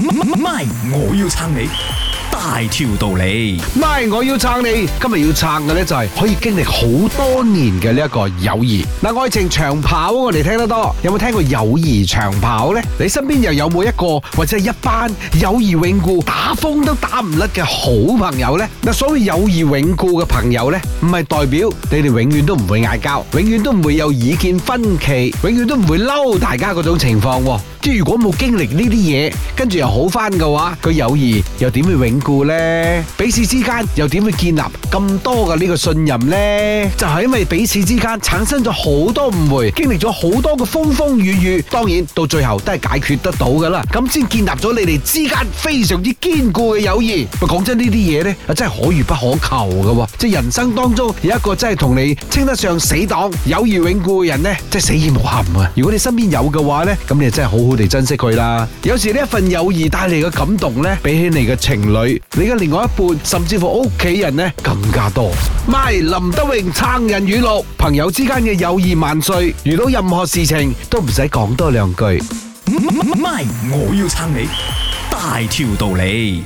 M，M，Y，我要撐你。大條道理，咪我要撐你，今日要撐嘅呢，就係可以經歷好多年嘅呢一個友誼。嗱，愛情長跑我哋聽得多，有冇聽過友誼長跑呢？你身邊又有冇一個或者係一班友誼永固、打風都打唔甩嘅好朋友呢？嗱，所謂友誼永固嘅朋友呢，唔係代表你哋永遠都唔會嗌交，永遠都唔會有意見分歧，永遠都唔會嬲大家嗰種情況。即係如果冇經歷呢啲嘢，跟住又好翻嘅話，個友誼又點會永固？咧，彼此之間又點會建立咁多嘅呢個信任呢？就係因為彼此之間產生咗好多誤會，經歷咗好多嘅風風雨雨。當然到最後都係解決得到噶啦，咁先建立咗你哋之間非常之堅固嘅友誼。咪講真呢啲嘢呢，啊真係可遇不可求噶，即係人生當中有一個真係同你稱得上死黨、友誼永固嘅人呢，真係死而無憾啊！如果你身邊有嘅話呢，咁你就真係好好地珍惜佢啦。有時呢一份友誼帶嚟嘅感動呢，比起你嘅情侶。.你嘅另外一半，甚至乎屋企人呢，更加多。My 林德榮撐人語錄，朋友之間嘅友誼萬歲，遇到任何事情都唔使講多兩句。My 我要撐你，大條道理。